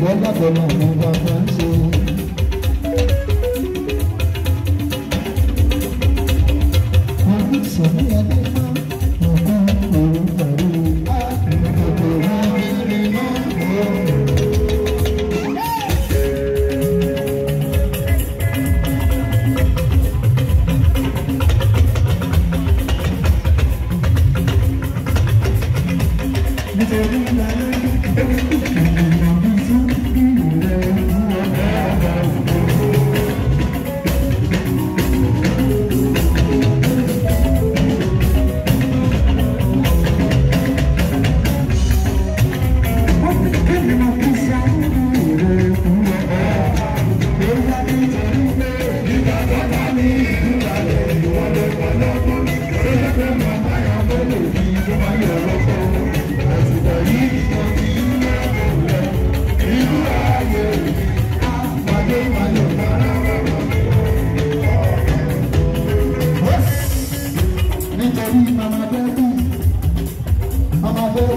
lọ́gbàgbọ́ náà mo bá bá ń ṣe.